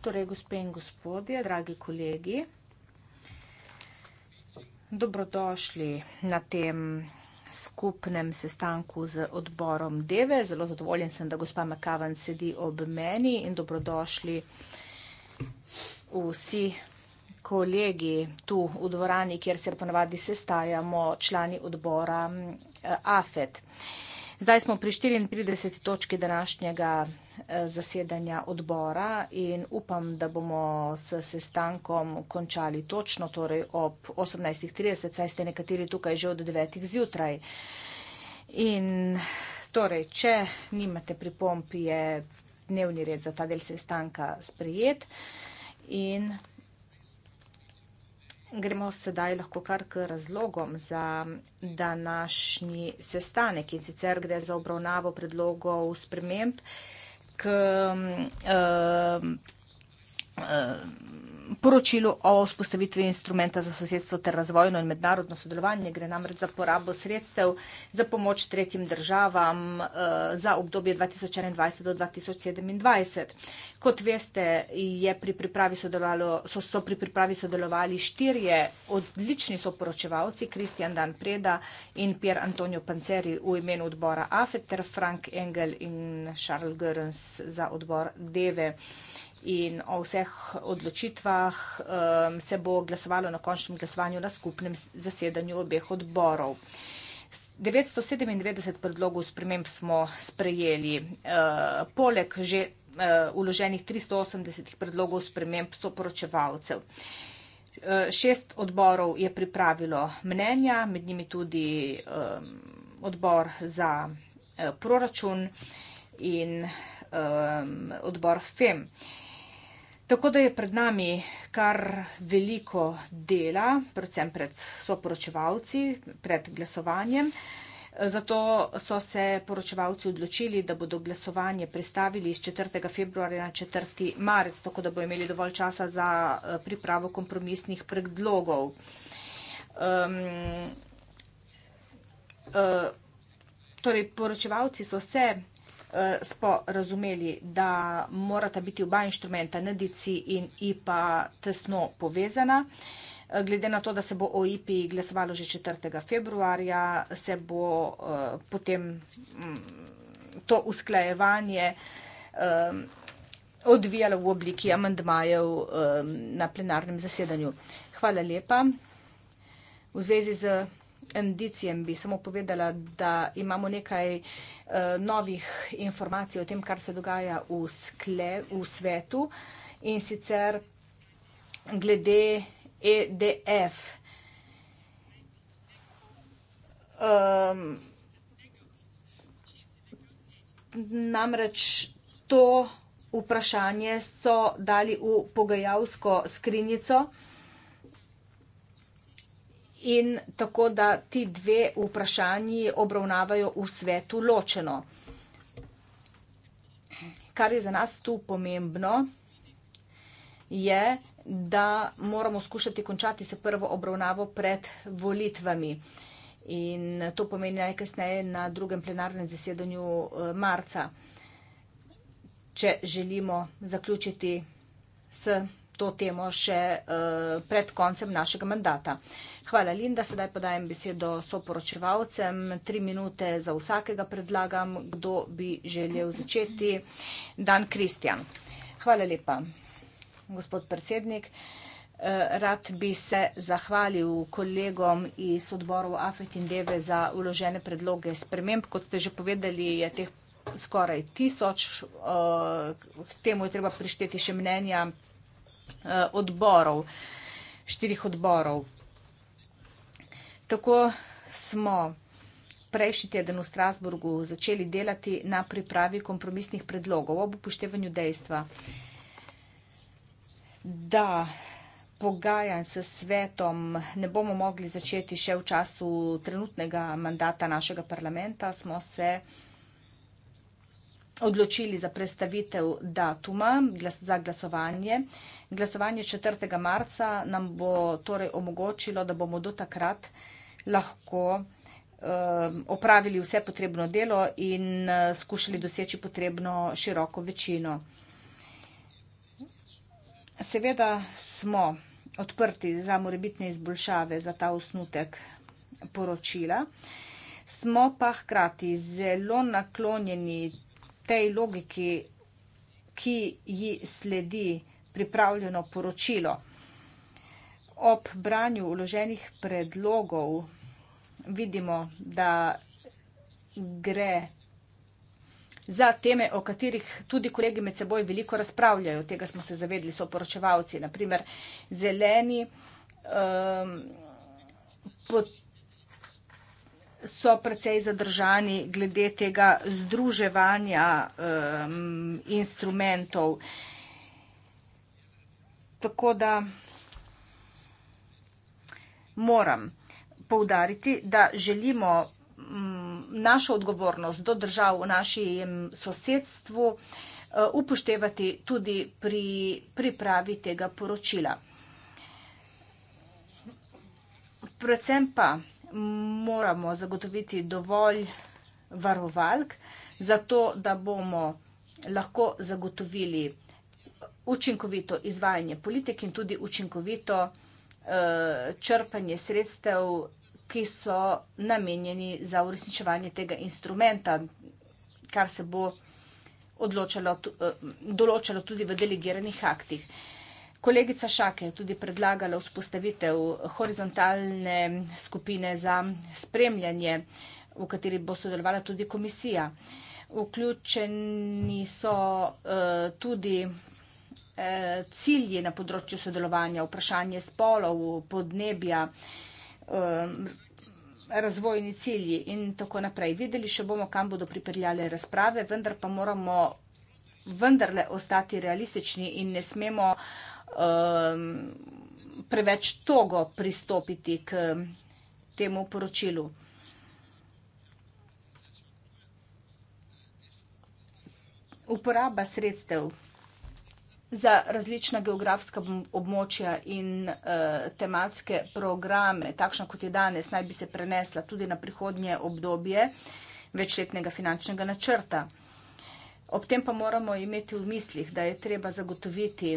Torej, gospe in gospodje, dragi kolegi, dobrodošli na tem skupnem sestanku z odborom Deve. Zelo zadovoljen sem, da gospa Makavan sedi ob meni in dobrodošli vsi kolegi tu v dvorani, kjer se ponavadi sestajamo, člani odbora eh, AFED. Zdaj smo pri 34. točki današnjega eh, zasedanja odbora in upam, da bomo s sestankom končali točno, torej ob 18.30, saj ste nekateri tukaj že od 9. zjutraj. In torej, če nimate pripomp, je dnevni red za ta del sestanka sprejet. In Gremo sedaj lahko kar k razlogom za današnji sestanek in sicer gre za obravnavo predlogov sprememb k uh, poročilu o vzpostavitvi instrumenta za sosedstvo ter razvojno in mednarodno sodelovanje. Gre namreč za porabo sredstev za pomoč tretjim državam eh, za obdobje 2021 do 2027. Kot veste, je pri pripravi so, so pri pripravi sodelovali štirje odlični soporočevalci, Kristjan Dan Preda in Pier Antonio Panceri v imenu odbora AFET ter Frank Engel in Charles Görens za odbor DEVE in o vseh odločitvah um, se bo glasovalo na končnem glasovanju na skupnem zasedanju obeh odborov. 997 predlogov sprememb smo sprejeli. Uh, poleg že uh, uloženih 380 predlogov sprememb so poročevalcev. E, šest odborov je pripravilo mnenja, med njimi tudi um, odbor za uh, proračun in um, odbor FEM. Uh, Tako da je pred nami kar veliko dela, predvsem pred soporočevalci, pred glasovanjem. Zato so se poročevalci odločili, da bodo glasovanje prestavili iz 4. februarja na 4. marec, tako da bo imeli dovolj časa za eh, pripravo kompromisnih predlogov. Um, uh, torej, poročevalci so se Eh, smo razumeli, da morata biti oba inštrumenta NDC in IPA tesno povezana. Eh, glede na to, da se bo o IPI glasovalo že 4. februarja, se bo eh, potem mm, to usklajevanje odvijalo v obliki amendmajev na plenarnem zasedanju. Hvala lepa. V zvezi z indicijem bi samo povedala, da imamo nekaj uh, novih informacij o tem, kar se dogaja v, skle, v svetu in sicer glede EDF. Um, ehm, namreč to vprašanje so dali v pogajalsko skrinjico in tako da ti dve vprašanji obravnavajo v svetu ločeno. Kar je za nas tu pomembno, je, da moramo skušati končati se prvo obravnavo pred volitvami. In to pomeni najkasneje na drugem plenarnem zasedanju eh, marca, če želimo zaključiti s to temo še uh, pred koncem našega mandata. Hvala, Linda. Sedaj podajem besedo soporočevalcem. Tri minute za vsakega predlagam, kdo bi želel začeti. Dan Kristjan. Hvala lepa, gospod predsednik. Eh, rad bi se zahvalil kolegom iz odborov AFET in DEVE za uložene predloge sprememb. Kot ste že povedali, je teh skoraj tisoč. Eh, k temu je treba prišteti še mnenja uh, odborov, štirih odborov. Tako smo prejšnji teden v Strasburgu začeli delati na pripravi kompromisnih predlogov ob upoštevanju dejstva, da pogajanj s svetom ne bomo mogli začeti še v času trenutnega mandata našega parlamenta, smo se uh, odločili za predstavitev datuma za glasovanje. Glasovanje 4. marca nam bo torej omogočilo, da bomo do takrat lahko um, opravili vse potrebno delo in uh, skušali doseči potrebno široko večino. Seveda smo odprti za morebitne izboljšave za ta osnutek poročila, smo pa hkrati zelo naklonjeni tej logiki, ki ji sledi pripravljeno poročilo. Ob branju uloženih predlogov vidimo, da gre za teme, o katerih tudi kolegi med seboj veliko razpravljajo. Tega smo se zavedli, so poročevalci, naprimer zeleni. Um, so precej zadržani glede tega združevanja um, instrumentov. Tako da moram poudariti, da želimo našo odgovornost do držav v našem sosedstvu e, upoštevati tudi pri pripravi tega poročila. Predvsem pa moramo zagotoviti dovolj varovalk, zato da bomo lahko zagotovili učinkovito izvajanje politik in tudi učinkovito uh, črpanje sredstev, ki so namenjeni za uresničevanje tega instrumenta, kar se bo odločalo, uh, določalo tudi v delegiranih aktih. Uh, Kolegica Šake je tudi predlagala vzpostavitev horizontalne skupine za spremljanje, v kateri bo sodelovala tudi komisija. Vključeni so uh, tudi uh, cilji na področju sodelovanja, vprašanje spolov, podnebja, uh, razvojni cilji in tako naprej. Videli še bomo, kam bodo pripeljale razprave, vendar pa moramo vendarle ostati realistični in ne smemo uh, um, preveč togo pristopiti k temu poročilu. Uporaba sredstev za različna geografska območja in uh, tematske programe, takšna kot je danes, naj bi se prenesla tudi na prihodnje obdobje večletnega finančnega načrta. Ob tem pa moramo imeti v mislih, da je treba zagotoviti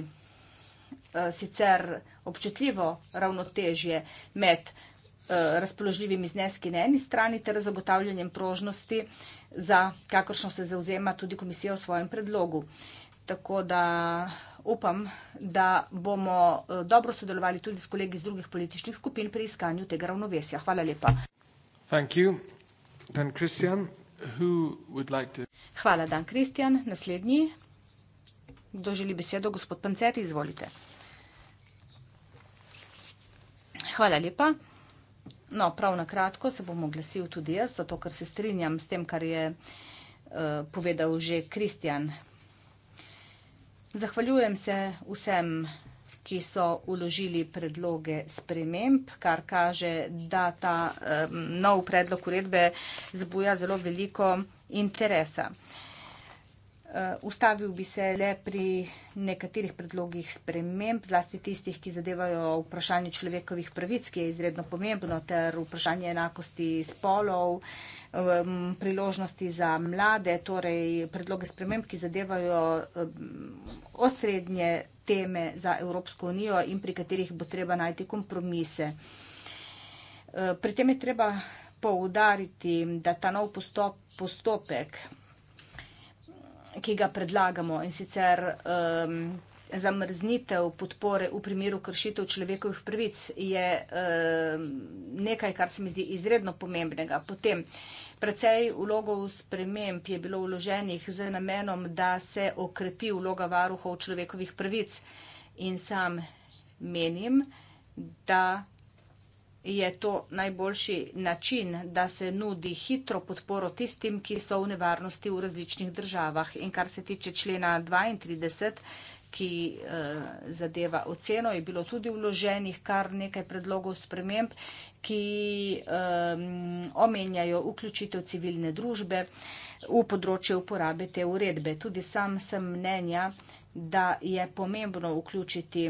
Eh, sicer občutljivo ravnotežje med eh, razpoložljivimi zneski na eni strani ter zagotavljanjem prožnosti, za kakršno se zauzema tudi komisija v svojem predlogu. Tako da upam, da bomo eh, dobro sodelovali tudi s kolegi iz drugih političnih skupin pri iskanju tega ravnovesja. Hvala lepa. Hvala, Dan Kristjan. Naslednji. Kdo želi besedo? Gospod Pancer, izvolite. Hvala lepa. No, prav na kratko se bom oglasil tudi jaz, zato ker se strinjam s tem, kar je uh, povedal že Kristjan. Zahvaljujem se vsem, ki so uložili predloge sprememb, kar kaže, da ta um, nov predlog uredbe zbuja zelo veliko interesa. Uh, Eh, ustavil bi se le pri nekaterih predlogih sprememb, zlasti tistih, ki zadevajo vprašanje človekovih pravic, ki je izredno pomembno, ter vprašanje enakosti spolov, priložnosti za mlade, torej predloge sprememb, ki zadevajo osrednje teme za Evropsko unijo in pri katerih bo treba najti kompromise. Eh, pri tem je treba poudariti, da ta nov postop, postopek ki ga predlagamo in sicer um, zamrznitev podpore v primeru kršitev človekovih pravic je um, nekaj, kar se mi zdi izredno pomembnega. Potem, precej vlogov sprememb je bilo vloženih z namenom, da se okrepi vloga varuhov človekovih pravic in sam menim, da je to najboljši način, da se nudi hitro podporo tistim, ki so v nevarnosti v različnih državah. In kar se tiče člena 32, ki eh, zadeva oceno, je bilo tudi vloženih kar nekaj predlogov sprememb, ki eh, omenjajo vključitev civilne družbe v področje uporabe te uredbe. Tudi sam sem mnenja, da je pomembno vključiti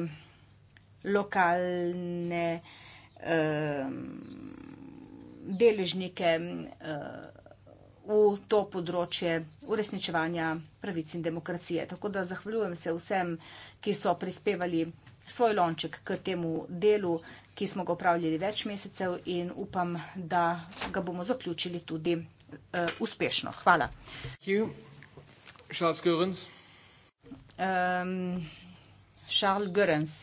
lokalne eh, eh, deležnike eh, v to področje uresničevanja pravic in demokracije. Tako da zahvaljujem se vsem, ki so prispevali svoj lonček k temu delu, ki smo ga upravljali več mesecev in upam, da ga bomo zaključili tudi eh, uspešno. Hvala. Hvala. Charles Görens. Um, Charles Görens.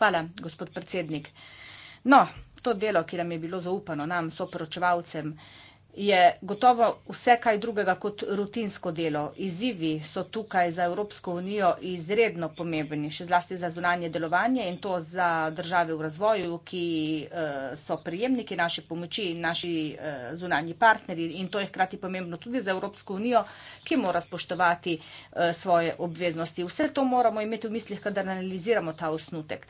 Hvala, gospod predsednik. No, to delo, ki nam je bilo zaupano, nam, soporočevalcem, je gotovo vse kaj drugega kot rutinsko delo. Izzivi so tukaj za Evropsko unijo izredno pomembni, še zlasti za zunanje delovanje in to za države v razvoju, ki eh, so prijemniki naše pomoči in naši eh, zunanji partnerji. In to je hkrati pomembno tudi za Evropsko unijo, ki mora spoštovati eh, svoje obveznosti. Vse to moramo imeti v mislih, kadar analiziramo ta osnutek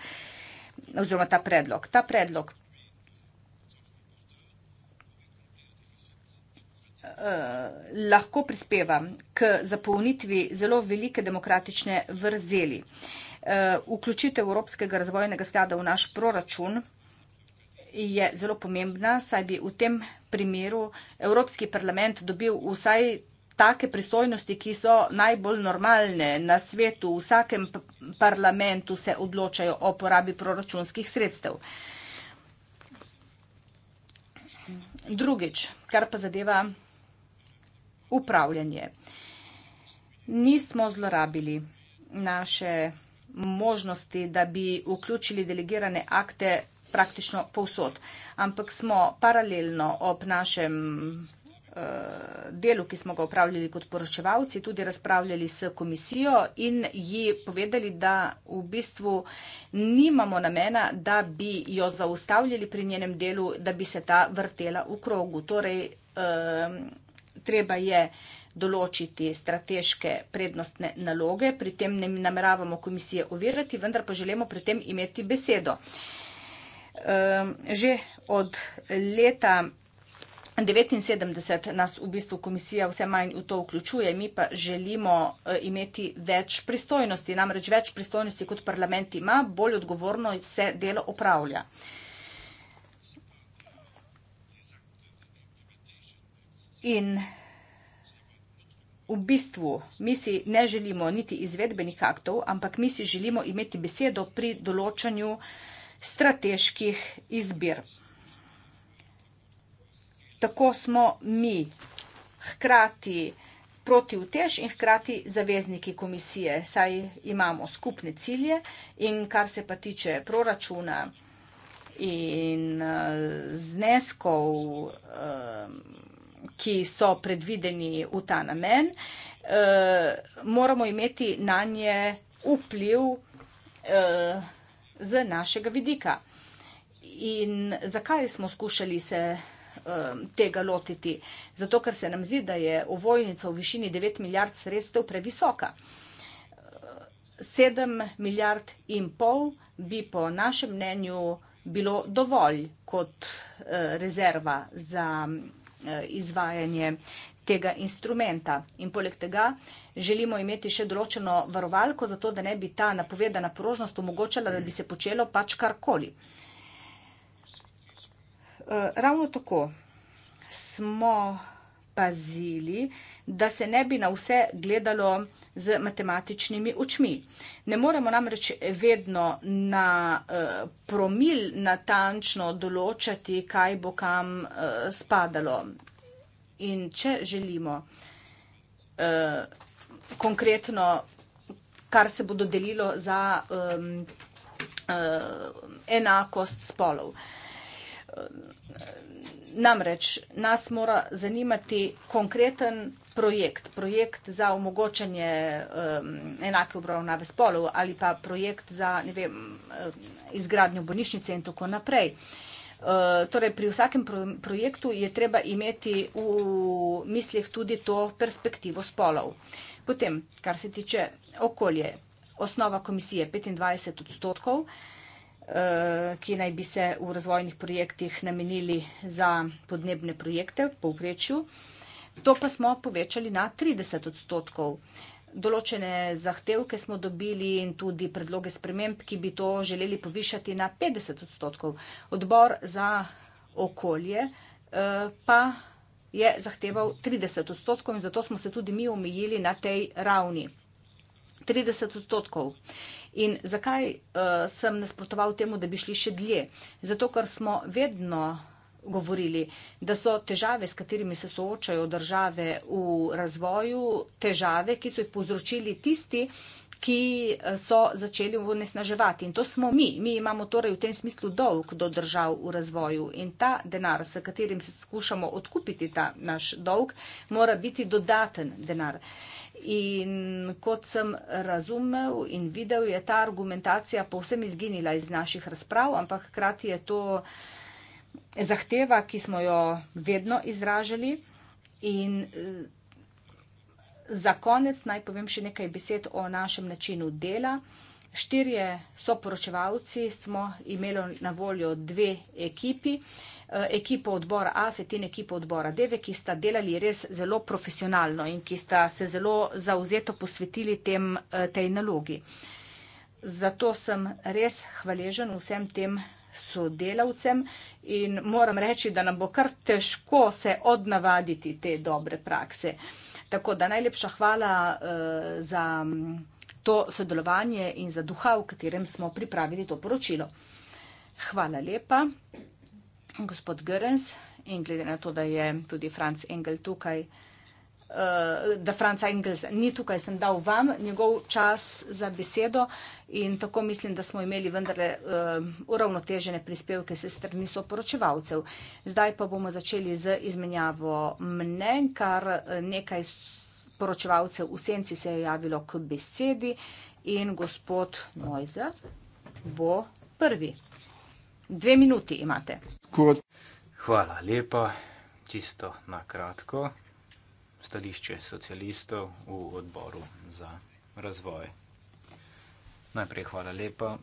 oziroma ta predlog. Ta predlog Eh, lahko prispevam k zapolnitvi zelo velike demokratične vrzeli. Eh, vključitev Evropskega razvojnega sklada v naš proračun je zelo pomembna, saj bi v tem primeru Evropski parlament dobil vsaj take pristojnosti, ki so najbolj normalne na svetu. V vsakem parlamentu se odločajo o porabi proračunskih sredstev. Drugič, kar pa zadeva upravljanje. Nismo zlorabili naše možnosti, da bi vključili delegirane akte praktično povsod, ampak smo paralelno ob našem eh, delu, ki smo ga upravljali kot poročevalci, tudi razpravljali s komisijo in ji povedali, da v bistvu nimamo namena, da bi jo zaustavljali pri njenem delu, da bi se ta vrtela v krogu. Torej, eh, treba je določiti strateške prednostne naloge, pri tem ne nameravamo komisije ovirati, vendar pa želimo pri tem imeti besedo. Ehm, že od leta 1979 nas v bistvu komisija vse manj v to vključuje, mi pa želimo e, imeti več pristojnosti, namreč več pristojnosti kot parlament ima, bolj odgovorno se delo opravlja. in v bistvu mi si ne želimo niti izvedbenih aktov, ampak mi si želimo imeti besedo pri določanju strateških izbir. Tako smo mi hkrati protivtež in hkrati zavezniki komisije, saj imamo skupne cilje in kar se pa tiče proračuna in eh, zneskov. Um, ki so predvideni v ta namen, eh, moramo imeti na nje vpliv eh, z našega vidika. In zakaj smo skušali se eh, tega lotiti? Zato, ker se nam zdi, da je ovojnica v višini 9 milijard sredstev previsoka. 7 milijard in pol bi po našem mnenju bilo dovolj kot rezerva za Eh, izvajanje tega instrumenta. In poleg tega želimo imeti še določeno varovalko, zato da ne bi ta napovedana porožnost omogočala, da bi se počelo pač karkoli. Eh, ravno tako smo pazili, da se ne bi na vse gledalo z matematičnimi očmi. Ne moremo namreč vedno na eh, promil natančno določati, kaj bo kam eh, spadalo. In če želimo eh, konkretno, kar se bo dodelilo za eh, eh, enakost spolov. Namreč nas mora zanimati konkreten projekt, projekt za omogočanje um, enake obravnave spolov ali pa projekt za vem, um, izgradnjo bolnišnice in tako naprej. Uh, torej, pri vsakem pro projektu je treba imeti v mislih tudi to perspektivo spolov. Potem, kar se tiče okolje, osnova komisije 25 odstotkov, uh, Eh, ki naj bi se v razvojnih projektih namenili za podnebne projekte v povprečju. To pa smo povečali na 30 odstotkov. Določene zahtevke smo dobili in tudi predloge sprememb, ki bi to želeli povišati na 50 odstotkov. Odbor za okolje eh, pa je zahteval 30 odstotkov in zato smo se tudi mi omejili na tej ravni. 30 odstotkov. Uh, In zakaj uh, sem nasprotoval temu, da bi šli še dlje? Zato, ker smo vedno govorili, da so težave, s katerimi se soočajo države v razvoju, težave, ki so jih povzročili tisti, ki eh, so začeli onesnaževati. In to smo mi. Mi imamo torej v tem smislu dolg do držav v razvoju. In ta denar, s katerim se skušamo odkupiti ta naš dolg, mora biti dodaten denar. In kot sem razumel in videl, je ta argumentacija povsem izginila iz naših razprav, ampak hkrati je to zahteva, ki smo jo vedno izražali. In za konec naj povem še nekaj besed o našem načinu dela. Štirje soporočevalci smo imeli na voljo dve ekipi. Eh, ekipo odbora AFET in ekipo odbora DEVE, ki sta delali res zelo profesionalno in ki sta se zelo zauzeto posvetili tem, eh, tej nalogi. Zato sem res hvaležen vsem tem sodelavcem in moram reči, da nam bo kar težko se odnavaditi te dobre prakse. Tako da najlepša hvala uh, za mm, to sodelovanje in za duha, v katerem smo pripravili to poročilo. Hvala lepa gospod Görens in glede na to, da je tudi Franz Engel tukaj, uh, da Franz Engel ni tukaj, sem dal vam njegov čas za besedo in tako mislim, da smo imeli vendarle uh, uravnotežene prispevke se strani soporočevalcev. Zdaj pa bomo začeli z izmenjavo mnen, kar eh, nekaj poročevalcev v senci se je javilo k besedi in gospod Mojza bo prvi. Dve minuti imate. Kot. Hvala lepa, čisto na kratko. Stališče socialistov v odboru za razvoj. Najprej hvala lepa,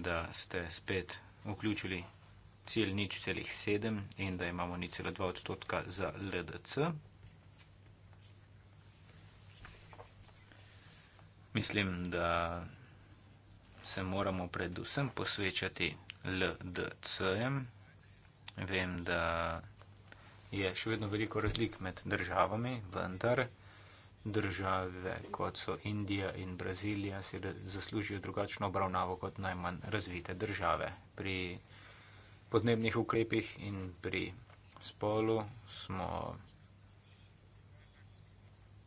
da ste spet vključili cilj nič celih sedem in da imamo nič cela dva odstotka za LDC. Mislim, da se moramo predvsem posvečati LDC-jem. Vem, da je še vedno veliko razlik med državami, vendar države kot so Indija in Brazilija si zaslužijo drugačno obravnavo kot najmanj razvite države. Pri podnebnih ukrepih in pri spolu smo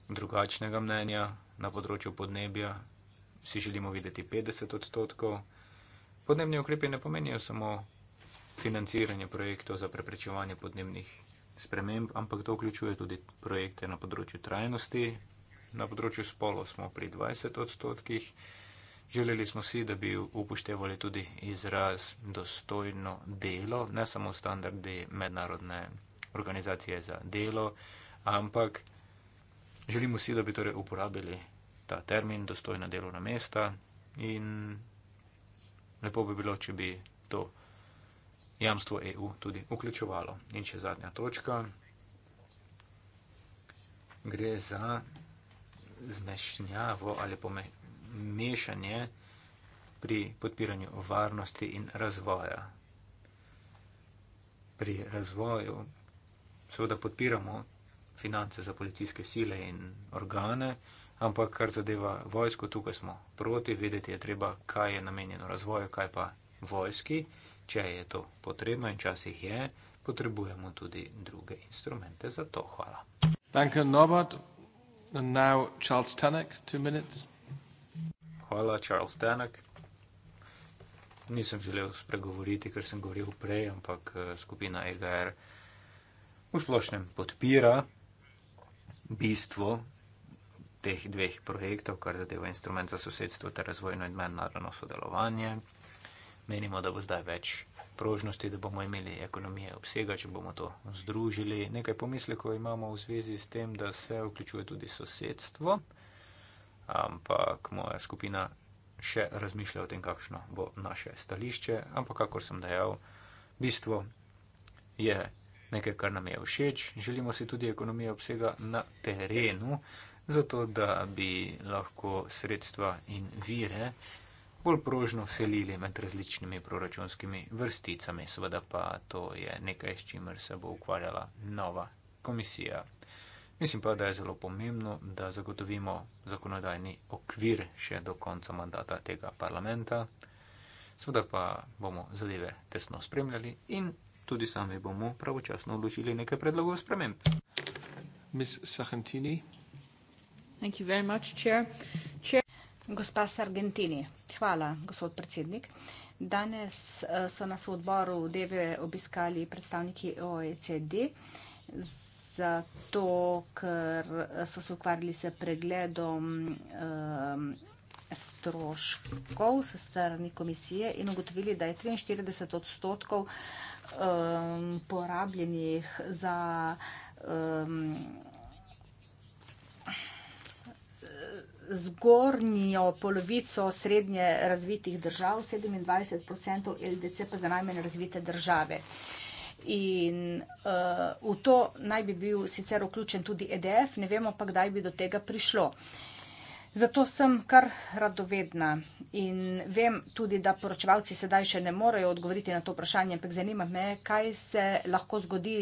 drugačnega mnenja na področju podnebja. Si želimo videti 50 odstotkov. Podnebni ukrepi ne pomenijo samo financiranje projektov za preprečevanje podnebnih sprememb, ampak to vključuje tudi projekte na področju trajnosti. Na področju spolov smo pri 20 odstotkih. Želeli smo si, da bi upoštevali tudi izraz dostojno delo, ne samo standardi mednarodne organizacije za delo, ampak želimo si, da bi torej uporabili ta termin dostojna delovna mesta in Lepo bi bilo, če bi to jamstvo EU tudi vključevalo. In še zadnja točka. Gre za zmešnjavo ali pomešanje pri podpiranju varnosti in razvoja. Pri razvoju seveda podpiramo finance za policijske sile in organe ampak kar zadeva vojsko, tukaj smo proti, vedeti je treba, kaj je namenjeno razvoju, kaj pa vojski, če je to potrebno in časih je, potrebujemo tudi druge instrumente za to. Hvala. Hvala, Charles Tanek. Nisem želel spregovoriti, ker sem govoril prej, ampak eh, skupina EGR v splošnem podpira bistvo teh dveh projektov, kar zadeva instrument za sosedstvo ter razvojno in mednarodno sodelovanje. Menimo, da bo zdaj več prožnosti, da bomo imeli ekonomije obsega, če bomo to združili. Nekaj pomislekov imamo v zvezi s tem, da se vključuje tudi sosedstvo, ampak moja skupina še razmišlja o tem, kakšno bo naše stališče. Ampak, kakor sem dejal, bistvo je nekaj, kar nam je všeč. Želimo si tudi ekonomije obsega na terenu zato da bi lahko sredstva in vire bolj prožno selili med različnimi proračunskimi vrsticami. Seveda pa to je nekaj, s čimer se bo ukvarjala nova komisija. Mislim pa, da je zelo pomembno, da zagotovimo zakonodajni okvir še do konca mandata tega parlamenta. Seveda pa bomo zadeve tesno spremljali in tudi sami bomo pravočasno vložili nekaj predlogov sprememb. Ms. Sahantini. Thank you very much, chair. Chair. Gospa Sargentini, hvala, gospod predsednik. Danes eh, so nas v odboru deve obiskali predstavniki OECD, zato ker eh, so se ukvarjali s pregledom eh, stroškov s strani komisije in ugotovili, da je 43 odstotkov porabljenih za stroškov zgornjo polovico srednje razvitih držav, 27 odstotkov LDC pa za najmanj razvite države. In uh, v to naj bi bil sicer vključen tudi EDF, ne vemo pa, kdaj bi do tega prišlo. Uh, Zato sem kar radovedna in vem tudi, da poročevalci sedaj še ne morejo odgovoriti na to vprašanje, ampak zanima me, kaj se lahko zgodi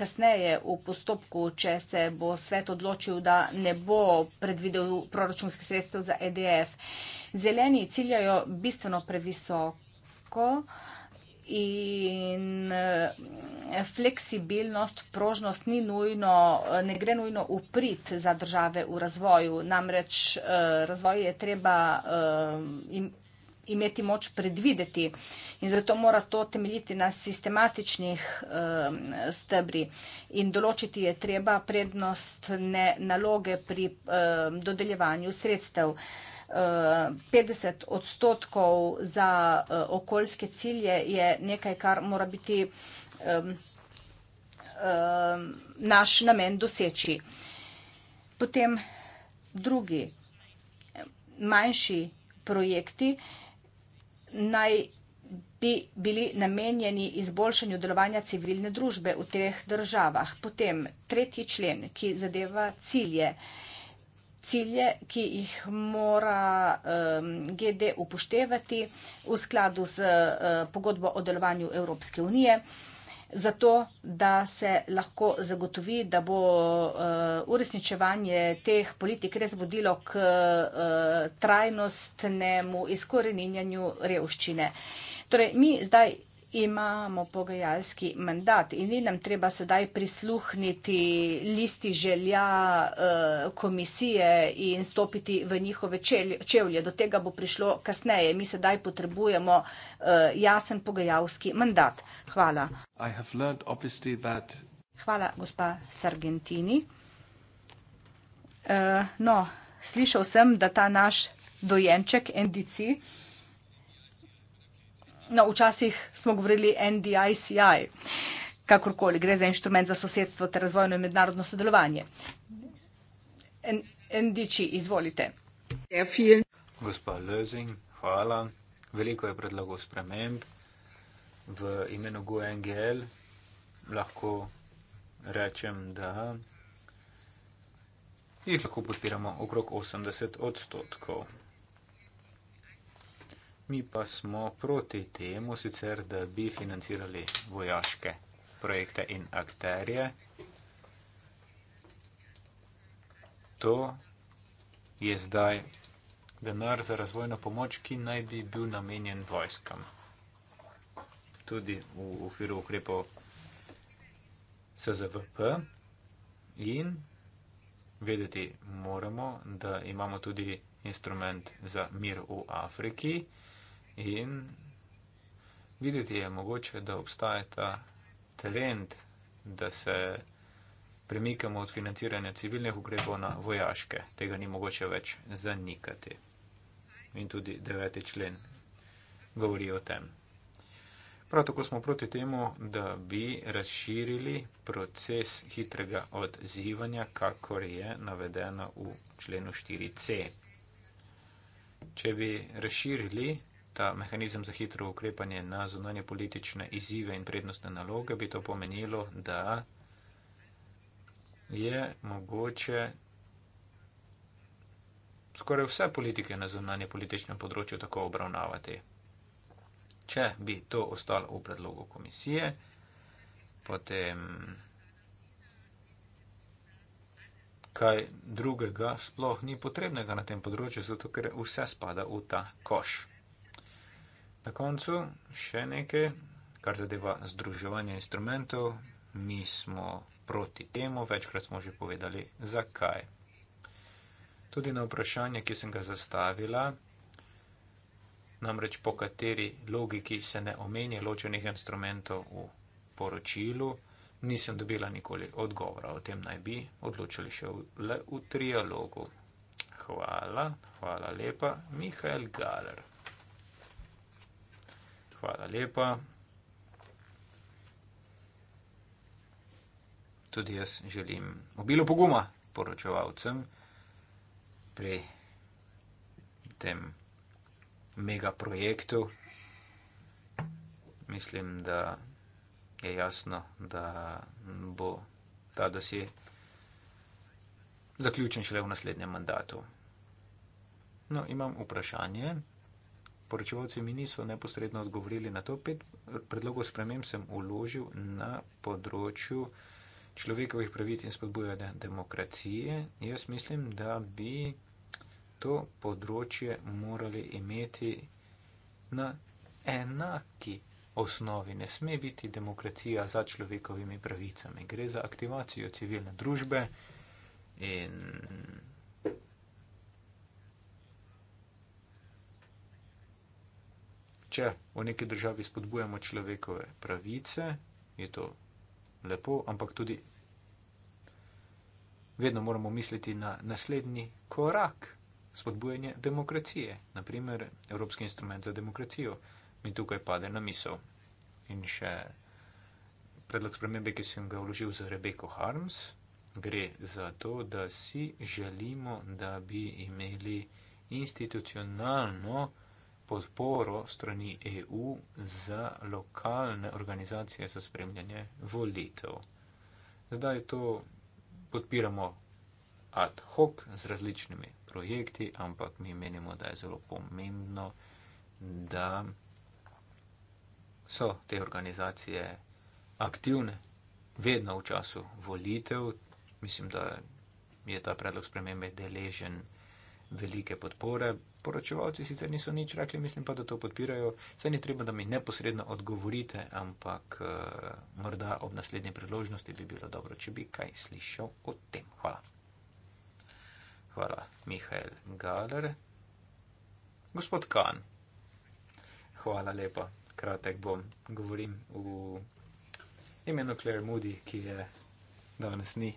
kasneje v postopku, če se bo svet odločil, da ne bo predvidel proračunskih sredstev za EDF. Zeleni ciljajo bistveno previsoko. Uh, in eh, fleksibilnost, prožnost ni nujno, ne gre nujno uprit za države v razvoju. Namreč eh, razvoj je treba eh, imeti moč predvideti in zato mora to temeljiti na sistematičnih stebri in določiti je treba prednostne naloge pri dodeljevanju sredstev. 50 odstotkov za e, okoljske cilje je nekaj, kar mora biti naš namen doseči. Potem drugi manjši projekti naj bi bili namenjeni izboljšanju delovanja civilne družbe v treh državah. Potem tretji člen, ki zadeva cilje cilje, ki jih mora um, GD upoštevati v skladu z uh, pogodbo o delovanju Evropske unije, zato da se lahko zagotovi, da bo uh, uresničevanje teh politik res vodilo k uh, trajnostnemu izkoreninjanju revščine. Torej, mi zdaj imamo pogajalski mandat in ni nam treba sedaj prisluhniti listi želja eh, komisije in stopiti v njihove čevlje. Do tega bo prišlo kasneje. Mi sedaj potrebujemo eh, jasen pogajalski mandat. Hvala. Hvala, gospa Sargentini. Eh, no, slišal sem, da ta naš dojenček NDC no, včasih smo govorili NDICI, kakorkoli gre za inštrument za sosedstvo ter razvojno in mednarodno sodelovanje. NDC, izvolite. Ja, Gospa Lezing, hvala. Veliko je predlogov sprememb. V imenu GUNGL e lahko rečem, da jih lahko podpiramo okrog 80 odstotkov mi pa smo proti temu sicer, da bi financirali vojaške projekte in akterje. To je zdaj denar za razvojno pomoč, ki naj bi bil namenjen vojskam. Tudi v okviru ukrepov SZVP in vedeti moramo, da imamo tudi instrument za mir v Afriki. In videti je mogoče, da obstaja ta trend, da se premikamo od financiranja civilnih ukrepov na vojaške. Tega ni mogoče več zanikati. In tudi deveti člen govori o tem. Prav tako smo proti temu, da bi razširili proces hitrega odzivanja, kakor je navedeno v členu 4c. Če bi razširili ta mehanizem za hitro ukrepanje na zunanje politične izzive in prednostne naloge, bi to pomenilo, da je mogoče skoraj vse politike na zunanje političnem področju tako obravnavati. Če bi to ostalo v predlogu komisije, potem kaj drugega sploh ni potrebnega na tem področju, zato ker vse spada v ta koš. Na koncu še nekaj, kar zadeva združevanje instrumentov. Mi smo proti temu, večkrat smo že povedali, zakaj. Tudi na vprašanje, ki sem ga zastavila, namreč po kateri logiki se ne omenja ločenih instrumentov v poročilu, nisem dobila nikoli odgovora. O tem naj bi odločili še v, le v trialogu. Hvala, hvala lepa, Mihajl Galer. Hvala lepa. Tudi jaz želim obilo poguma poročevalcem pri tem megaprojektu. Mislim, da je jasno, da bo ta dosje zaključen šele v naslednjem mandatu. No, imam vprašanje poročevalci mi niso neposredno odgovorili na to. Pet predlogov sprememb sem uložil na področju človekovih pravit in spodbujanja demokracije. Jaz mislim, da bi to področje morali imeti na enaki osnovi. Ne sme biti demokracija za človekovimi pravicami. Gre za aktivacijo civilne družbe in če v neki državi spodbujamo človekove pravice, je to lepo, ampak tudi vedno moramo misliti na naslednji korak spodbujanja demokracije, naprimer Evropski instrument za demokracijo. Mi tukaj pade na misel in še predlog spremembe, ki sem ga vložil z Rebeko Harms, gre za to, da si želimo, da bi imeli institucionalno podporo strani EU za lokalne organizacije za spremljanje volitev. Zdaj to podpiramo ad hoc z različnimi projekti, ampak mi menimo, da je zelo pomembno, da so te organizacije aktivne vedno v času volitev. Mislim, da je ta predlog spremembe deležen velike podpore. Poročevalci sicer niso nič rekli, mislim pa, da to podpirajo. Saj ni treba, da mi neposredno odgovorite, ampak uh, morda ob naslednji priložnosti bi bilo dobro, če bi kaj slišal o tem. Hvala. Hvala, Mihajl Galer. Gospod Kan, hvala lepa. Kratek bom. Govorim v imenu Claire Moody, ki je danes ni.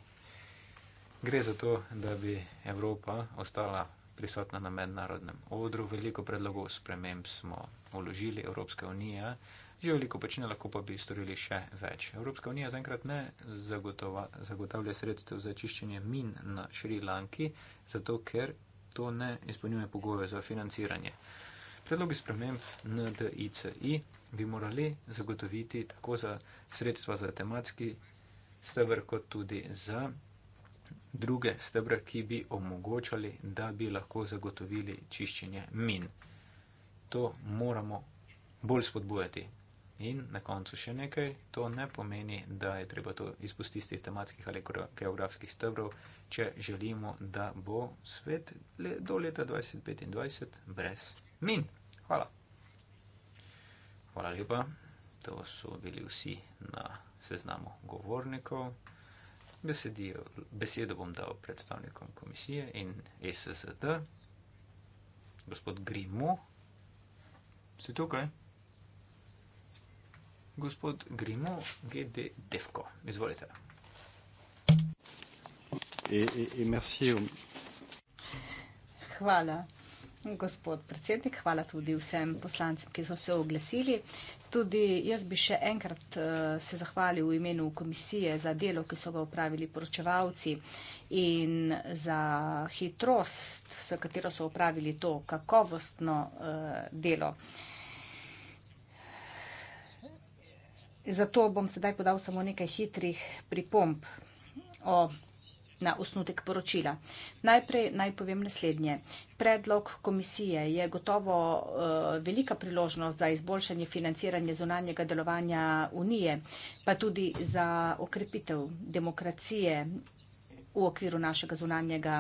Gre za to, da bi Evropa ostala prisotna na mednarodnem odru. Veliko predlogov sprememb smo vložili, Evropska unija že veliko počne, lahko pa bi storili še več. Evropska unija zaenkrat ne zagotova, zagotavlja sredstev za čiščenje min na Šrilanki, zato ker to ne izpolnjuje pogojev za financiranje. Predlogi sprememb NDICI bi morali zagotoviti tako za sredstva za tematski stebr, kot tudi za druge stebre, ki bi omogočali, da bi lahko zagotovili čiščenje min. To moramo bolj spodbujati. In na koncu še nekaj, to ne pomeni, da je treba to izpustiti iz tematskih ali geografskih stebrov, če želimo, da bo svet do leta 2025 brez min. Hvala. Hvala lepa. To so bili vsi na seznamu govornikov besedijo, besedo bom dal predstavnikom komisije in SSD. Gospod Grimu. Si tukaj? Gospod Grimu, GD Defko. Izvolite. E, e, e, merci. Hvala. Gospod predsednik, hvala tudi vsem poslancem, ki so se oglesili. Tudi jaz bi še enkrat uh, se zahvalil v imenu komisije za delo, ki so ga upravili poročevalci in za hitrost, s katero so upravili to kakovostno uh, delo. Zato bom sedaj podal samo nekaj hitrih pripomb o na osnutek poročila. Najprej naj povem naslednje. Predlog komisije je gotovo uh, velika priložnost za izboljšanje financiranja zunanjega delovanja Unije, pa tudi za okrepitev demokracije v okviru našega zunanjega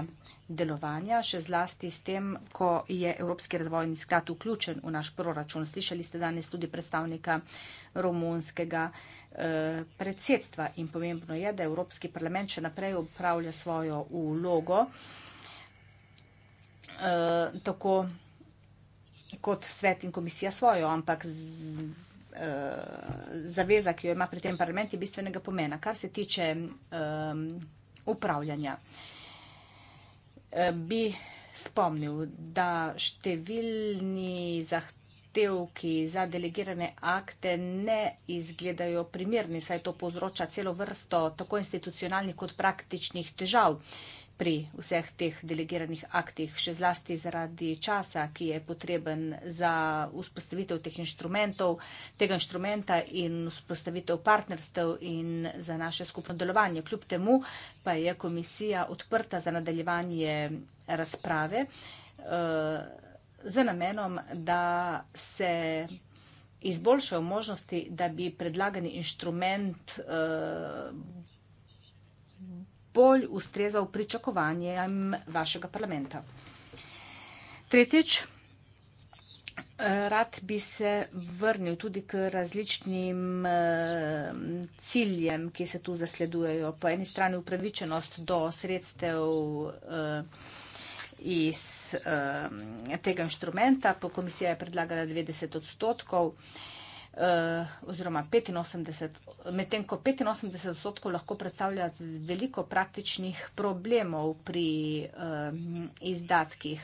delovanja, še zlasti s tem, ko je Evropski razvojni sklad vključen v naš proračun. Slišali ste danes tudi predstavnika romunskega eh, predsedstva in pomembno je, da Evropski parlament še naprej upravlja svojo vlogo, eh, tako kot svet in komisija svojo, ampak z, eh, zaveza, ki jo ima pri tem parlament, je bistvenega pomena. Kar se tiče eh, upravljanja. E, bi spomnil, da številni zahtevki za delegirane akte ne izgledajo primerni, saj to povzroča celo vrsto tako institucionalnih kot praktičnih težav pri vseh teh delegiranih aktih, še zlasti zaradi časa, ki je potreben za vzpostavitev teh inštrumentov, tega inštrumenta in vzpostavitev partnerstev in za naše skupno delovanje. Kljub temu pa je komisija odprta za nadaljevanje razprave eh, z namenom, da se izboljšajo možnosti, da bi predlagani inštrument eh, bolj ustrezal pričakovanjem vašega parlamenta. Tretjič, rad bi se vrnil tudi k različnim eh, ciljem, ki se tu zasledujejo. Po eni strani upravičenost do sredstev eh, iz eh, tega inštrumenta, po komisija je predlagala 90 odstotkov. Eh, oziroma 85, medtem ko 85 odstotkov lahko predstavlja veliko praktičnih problemov pri uh, izdatkih.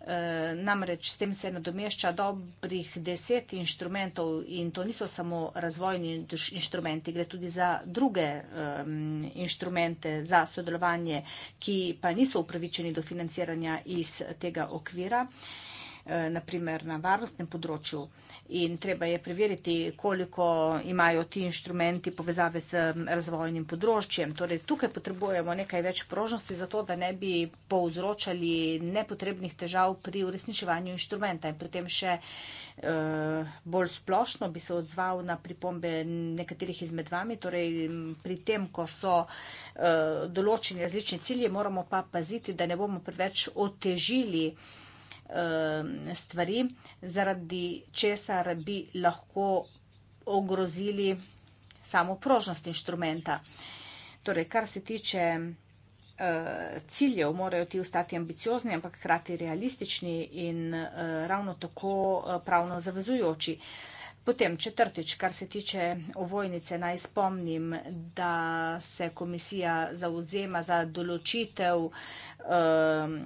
Eh, namreč s tem se nadomešča dobrih deset inštrumentov in to niso samo razvojni inštrumenti, gre tudi za druge um, inštrumente za sodelovanje, ki pa niso upravičeni do financiranja iz tega okvira. Uh, Eh, naprimer na varnostnem področju in treba je preveriti, koliko imajo ti inštrumenti povezave s razvojnim področjem. Torej, tukaj potrebujemo nekaj več prožnosti za to, da ne bi povzročali nepotrebnih težav pri uresničevanju inštrumenta in pri tem še eh, bolj splošno bi se odzval na pripombe nekaterih izmed vami, torej pri tem, ko so eh, določeni različni cilje, moramo pa paziti, da ne bomo preveč otežili inštrumenta Um, stvari, zaradi česar bi lahko ogrozili samo prožnost inštrumenta. Torej, kar se tiče uh, ciljev, morajo ti ostati ambiciozni, ampak hkrati realistični in uh, ravno tako uh, pravno zavezujoči. Potem četrtič, kar se tiče ovojnice, naj spomnim, da se komisija zauzema za določitev um,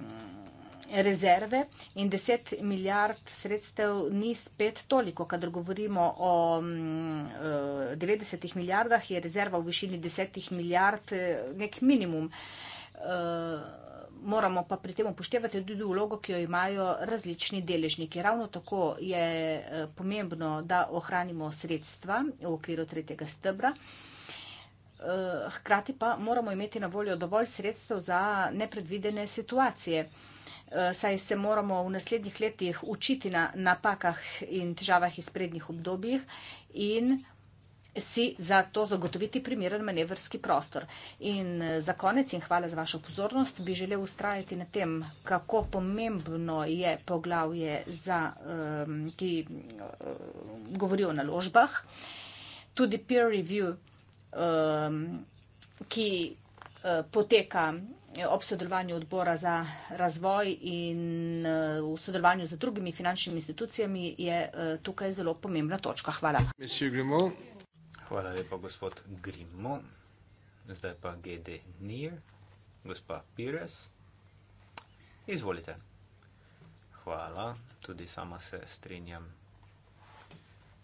rezerve in 10 milijard sredstev ni spet toliko. Kadar govorimo o 90 mm, eh, milijardah, je rezerva v višini 10 milijard eh, nek minimum. Eh, moramo pa pri tem upoštevati tudi vlogo, ki jo imajo različni deležniki. Ravno tako je pomembno, da ohranimo sredstva v okviru tretjega stebra. Hkrati pa moramo imeti na voljo dovolj sredstev za nepredvidene situacije. Eh, saj se moramo v naslednjih letih učiti na napakah in težavah iz prednjih obdobjih in si za to zagotoviti primeren manevrski prostor. In eh, za konec in hvala za vašo pozornost, bi želel ustrajati na tem, kako pomembno je poglavje, ehm, ki eh, govori o naložbah. Tudi peer review, ehm, ki poteka vsega, ob sodelovanju odbora za razvoj in eh, v sodelovanju z drugimi finančnimi institucijami je eh, tukaj zelo pomembna točka. Hvala. Hvala lepa, gospod Grimo. Zdaj pa GD Nir, gospa Pires. Izvolite. Hvala, tudi sama se strinjam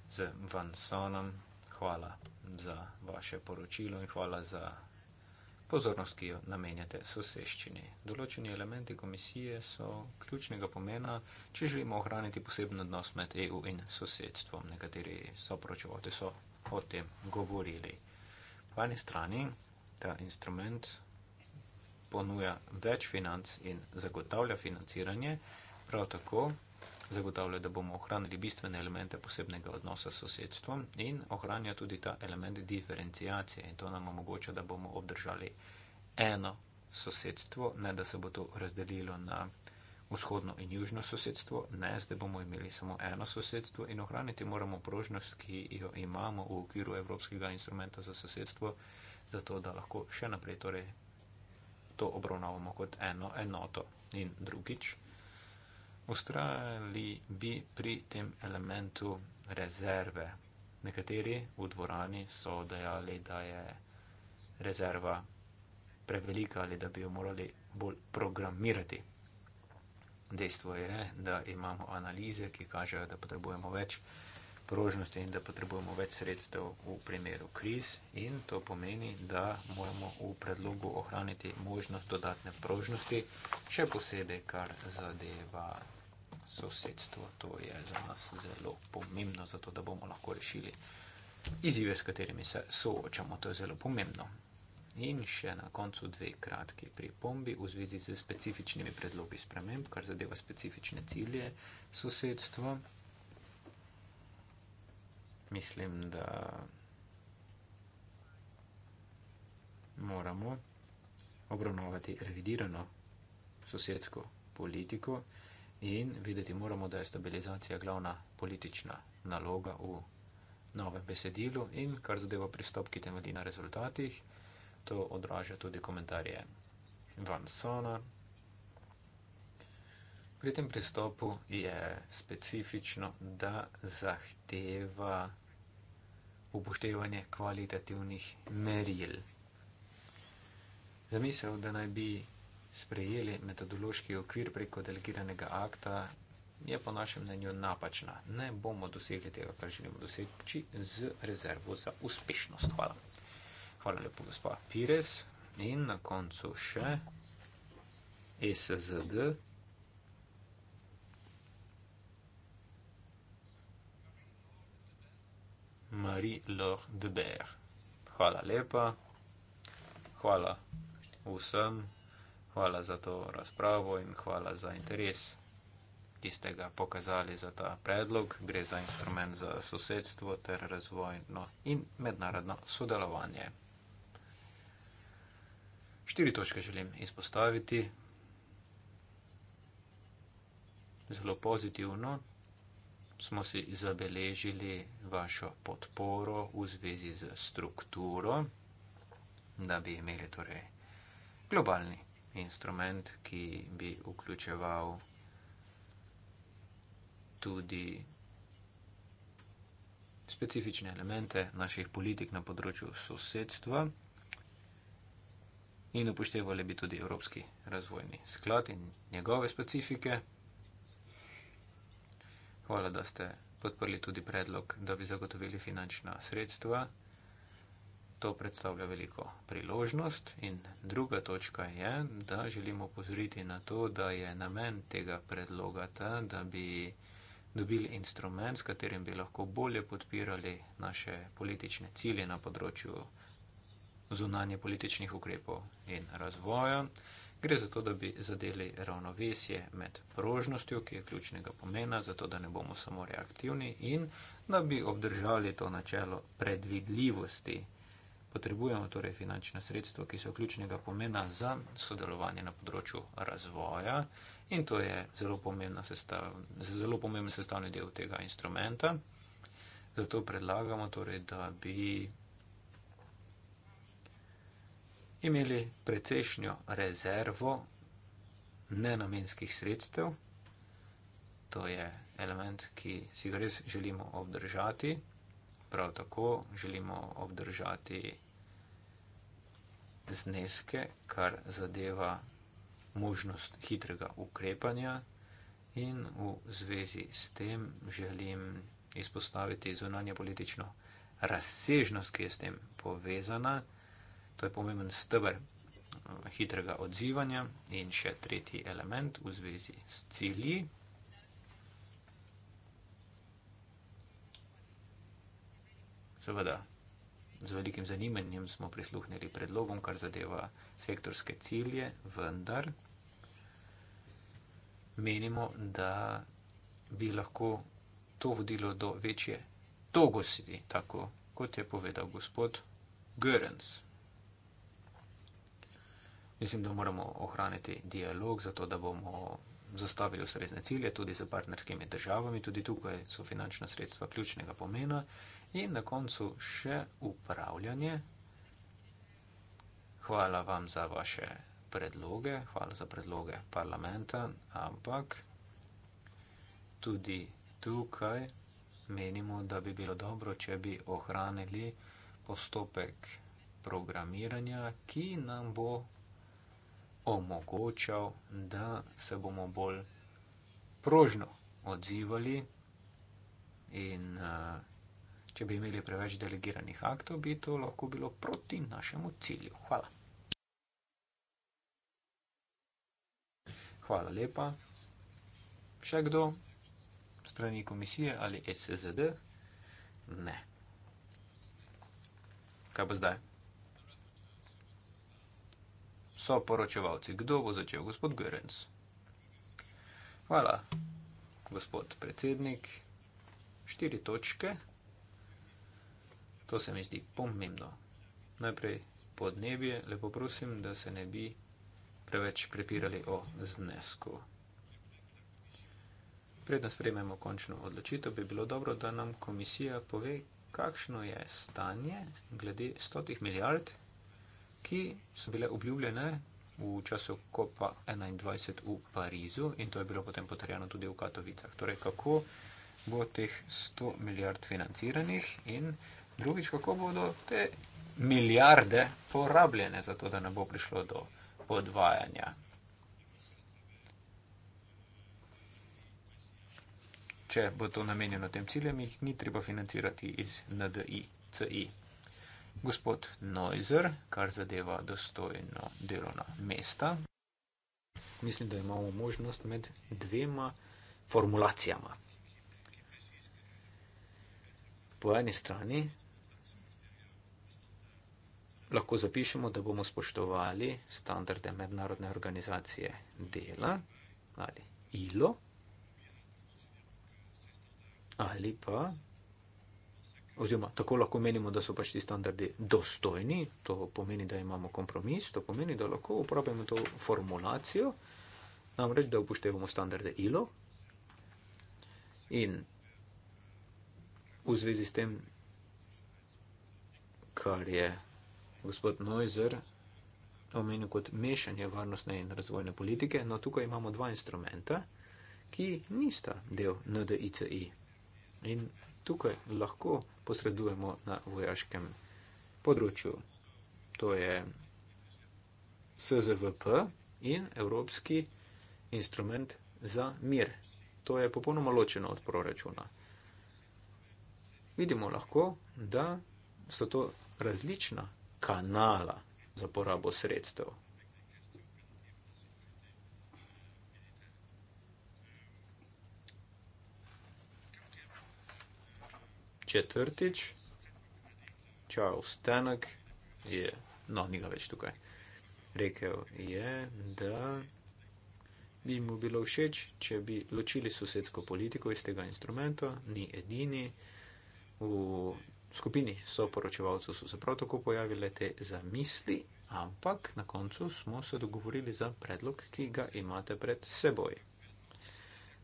z Vansonom. Hvala za vaše poročilo in hvala za pozornost, ki jo namenjate soseščini. Določeni elementi komisije so ključnega pomena, če želimo ohraniti poseben odnos med EU in sosedstvom. Nekateri soporočevalci so o tem govorili. Po eni strani ta instrument ponuja več financ in zagotavlja financiranje, prav tako zagotavlja, da bomo ohranili bistvene elemente posebnega odnosa s sosedstvom in ohranja tudi ta element diferencijacije. In to nam omogoča, da bomo obdržali eno sosedstvo, ne da se bo to razdelilo na vzhodno in južno sosedstvo, ne, zdaj bomo imeli samo eno sosedstvo in ohraniti moramo prožnost, ki jo imamo v okviru Evropskega instrumenta za sosedstvo, zato da lahko še naprej torej, to obravnavamo kot eno enoto. In drugič, ustrajali bi pri tem elementu rezerve. Nekateri v dvorani so dejali, da je rezerva prevelika ali da bi jo morali bolj programirati. Dejstvo je, da imamo analize, ki kažejo, da potrebujemo več prožnosti in da potrebujemo več sredstev v primeru kriz in to pomeni, da moramo v predlogu ohraniti možnost dodatne prožnosti, še posebej kar zadeva sosedstvo. To je za nas zelo pomembno, zato da bomo lahko rešili izzive, s katerimi se soočamo. To je zelo pomembno. In še na koncu dve kratki pripombi v zvezi z specifičnimi predlogi sprememb, kar zadeva specifične cilje sosedstva mislim, da moramo obravnavati revidirano sosedsko politiko in videti moramo, da je stabilizacija glavna politična naloga v novem besedilu in kar zadeva pristop, ki temelji na rezultatih, to odraža tudi komentarje Van Sona. Pri tem pristopu je specifično, da zahteva upoštevanje kvalitativnih meril. Zamisel, da naj bi sprejeli metodološki okvir preko delegiranega akta, je po našem mnenju napačna. Ne bomo dosegli tega, kar želimo doseči, z rezervo za uspešnost. Hvala. Hvala lepo, gospod Pires. In na koncu še SZD. Marie-Laure de Ber. Hvala lepa, hvala vsem, hvala za to razpravo in hvala za interes, ki ste ga pokazali za ta predlog. Gre za instrument za sosedstvo ter razvojno in mednarodno sodelovanje. Štiri točke želim izpostaviti. Zelo pozitivno, smo si zabeležili vašo podporo v zvezi z strukturo, da bi imeli torej globalni instrument, ki bi vključeval tudi specifične elemente naših politik na področju sosedstva in upoštevali bi tudi Evropski razvojni sklad in njegove specifike hvala, da ste podprli tudi predlog, da bi zagotovili finančna sredstva. To predstavlja veliko priložnost. In druga točka je, da želimo upozoriti na to, da je namen tega predloga ta, da bi dobili instrument, s katerim bi lahko bolje podpirali naše politične cilje na področju zunanje političnih ukrepov in razvoja. Gre za to, da bi zadeli ravnovesje med prožnostjo, ki je ključnega pomena, zato da ne bomo samo reaktivni in da bi obdržali to načelo predvidljivosti. Potrebujemo torej finančno sredstvo, ki so ključnega pomena za sodelovanje na področju razvoja in to je zelo, sestav, zelo pomemben sestavni del tega instrumenta. Zato predlagamo torej, da bi imeli precejšnjo rezervo nenamenskih sredstev, to je element, ki si ga res želimo obdržati, prav tako želimo obdržati zneske, kar zadeva možnost hitrega ukrepanja in v zvezi s tem želim izpostaviti zunanje politično razsežnost, ki je s tem povezana to je pomemben stebr eh, hitrega odzivanja in še tretji element v zvezi s cilji. Seveda, z velikim zanimanjem smo prisluhnili predlogom, kar zadeva sektorske cilje, vendar menimo, da bi lahko to vodilo do večje togosti, tako kot je povedal gospod Görens. Mislim, da moramo ohraniti dialog, zato da bomo zastavili ustrezne cilje tudi za partnerskimi državami. Tudi tukaj so finančna sredstva ključnega pomena. In na koncu še upravljanje. Hvala vam za vaše predloge, hvala za predloge parlamenta, ampak tudi tukaj menimo, da bi bilo dobro, če bi ohranili postopek programiranja, ki nam bo omogočal, da se bomo bolj prožno odzivali. In, eh, če bi imeli preveč delegiranih aktov, bi to lahko bilo proti našemu cilju. Hvala. Hvala lepa. Še kdo? Strani komisije ali SZD? Ne. Kaj bo zdaj? so poročevalci. Kdo bo začel? Gospod Görens. Hvala, gospod predsednik. Štiri točke. To se mi zdi pomembno. Najprej podnebje. Lepo prosim, da se ne bi preveč prepirali o znesku. Predno sprejmemo končno odločitev, bi bilo dobro, da nam komisija pove, kakšno je stanje glede stotih milijard ki so bile obljubljene v času COP21 v Parizu in to je bilo potem potrjeno tudi v Katovicah. Torej, kako bo teh 100 milijard financiranih in drugič, kako bodo te milijarde porabljene, zato da ne bo prišlo do podvajanja. Če bo to namenjeno tem ciljem, jih ni treba financirati iz NDI, CI gospod Neuser, kar zadeva dostojno delovna mesta. Mislim, da imamo možnost med dvema formulacijama. Po eni strani lahko zapišemo, da bomo spoštovali standarde mednarodne organizacije dela ali ILO ali pa oziroma tako lahko menimo, da so pač ti standardi dostojni, to pomeni, da imamo kompromis, to pomeni, da lahko uporabimo to formulacijo, namreč da upoštevamo standarde ILO in v zvezi s tem, kar je gospod Neuser omenil kot mešanje varnostne in razvojne politike, no tukaj imamo dva instrumenta, ki nista del NDICI. In tukaj lahko posredujemo na vojaškem področju. To je SZVP in Evropski instrument za mir. To je popolnoma ločeno od proračuna. Vidimo lahko, da so to različna kanala za porabo sredstev. četrtič, Charles Tannock je, no, ni ga več tukaj, rekel je, da bi mu bilo všeč, če bi ločili sosedsko politiko iz tega instrumenta, ni edini. V skupini soporočevalcev so se prav tako pojavile te zamisli, ampak na koncu smo se dogovorili za predlog, ki ga imate pred seboj.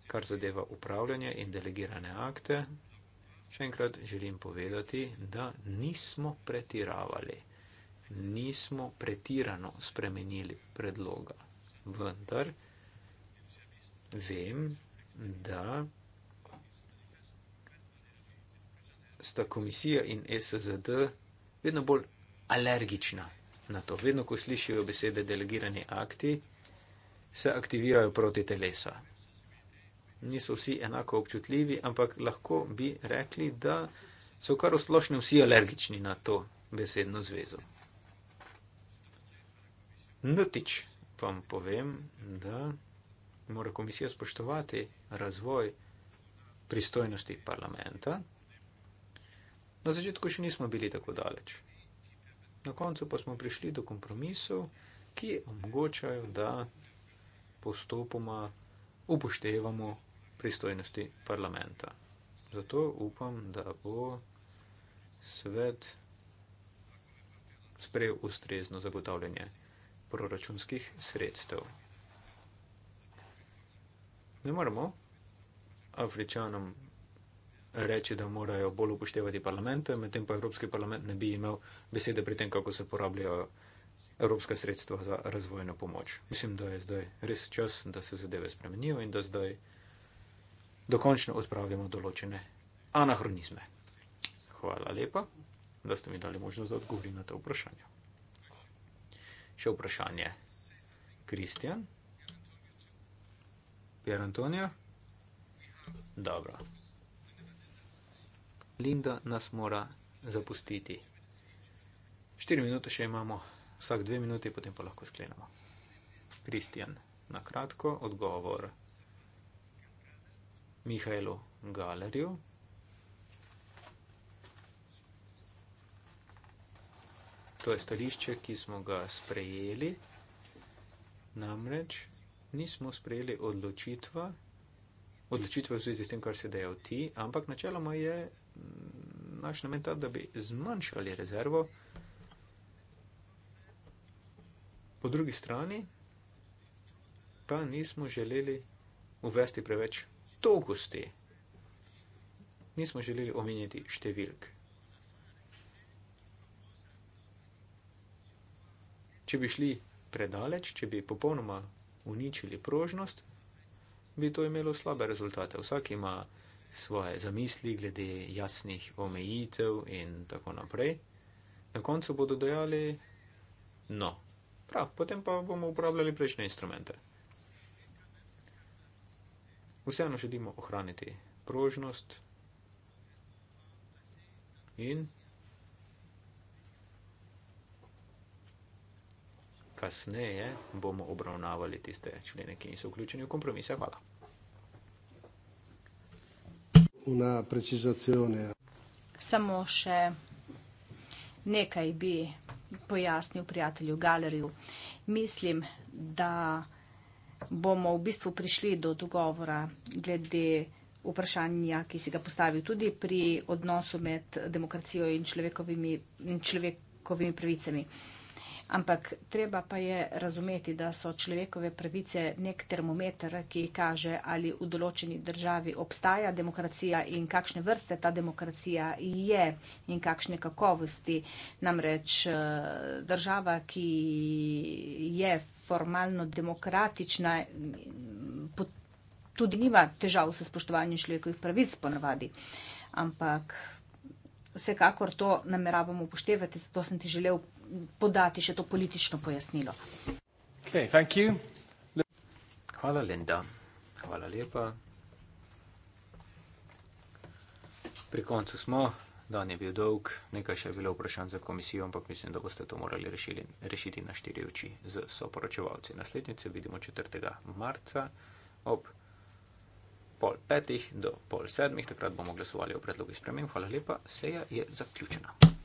Kar zadeva upravljanje in delegirane akte, Še enkrat želim povedati, da nismo pretiravali, nismo pretirano spremenili predloga. Vendar vem, da sta komisija in SZD vedno bolj alergična na to. Vedno, ko slišijo besede delegirani akti, se aktivirajo proti telesa niso vsi enako občutljivi, ampak lahko bi rekli, da so kar v splošnem vsi alergični na to besedno zvezo. Notič vam povem, da mora komisija spoštovati razvoj pristojnosti parlamenta. Na začetku še nismo bili tako daleč. Na koncu pa smo prišli do kompromisov, ki omogočajo, da postopoma upoštevamo pristojnosti parlamenta. Zato upam, da bo svet sprejel ustrezno zagotavljanje proračunskih sredstev. Ne moramo Afričanom reči, da morajo bolj upoštevati parlamente, medtem pa Evropski parlament ne bi imel besede pri tem, kako se porabljajo evropska sredstva za razvojno pomoč. Mislim, da je zdaj res čas, da se zadeve spremenijo in da zdaj dokončno odpravljamo določene anahronizme. Hvala lepa, da ste mi dali možnost, da odgovorim na to vprašanje. Še vprašanje. Kristjan? Pier Antonijo? Dobro. Linda nas mora zapustiti. Štiri minute še imamo, vsak dve minuti, potem pa lahko sklenemo. Kristjan, na kratko odgovor. Mihajlu Galerju. To je stališče, ki smo ga sprejeli, namreč nismo sprejeli odločitva, odločitva v zvezi s tem, kar se dejal ti, ampak načeloma je mm, naš namen ta, da bi zmanjšali rezervo. Po drugi strani pa nismo želeli uvesti preveč togosti. Nismo želeli omenjati številk. Če bi šli predaleč, če bi popolnoma uničili prožnost, bi to imelo slabe rezultate. Vsak ima svoje zamisli glede jasnih omejitev in tako naprej. Na koncu bodo dejali, no, prav, potem pa bomo uporabljali prejšnje instrumente vseeno želimo ohraniti prožnost in kasneje bomo obravnavali tiste člene, ki niso vključeni v kompromise. Hvala. Samo še nekaj bi pojasnil prijatelju Galeriju. Mislim, da bomo v bistvu prišli do dogovora glede vprašanja, ki si ga postavil tudi pri odnosu med demokracijo in človekovimi, in človekovimi pravicami. Uh, Ampak treba pa je razumeti, da so človekove pravice nek termometer, ki kaže, ali v določeni državi obstaja demokracija in kakšne vrste ta demokracija je in kakšne kakovosti. Namreč eh, država, ki je formalno demokratična, tudi nima težav s spoštovanjem človekovih pravic ponavadi. Ampak vsekakor to nameravamo upoštevati, zato sem ti želel podati še to politično pojasnilo. Okay, thank you. Le Hvala, Linda. Hvala lepa. Pri koncu smo. Dan je bil dolg, nekaj še je bilo vprašanj za komisijo, ampak mislim, da boste to morali rešili, rešiti na štiri oči z soporočevalci. Naslednjice vidimo 4. marca ob pol petih do pol sedmih, takrat bomo glasovali o predlogih sprememb. Hvala lepa, seja je zaključena.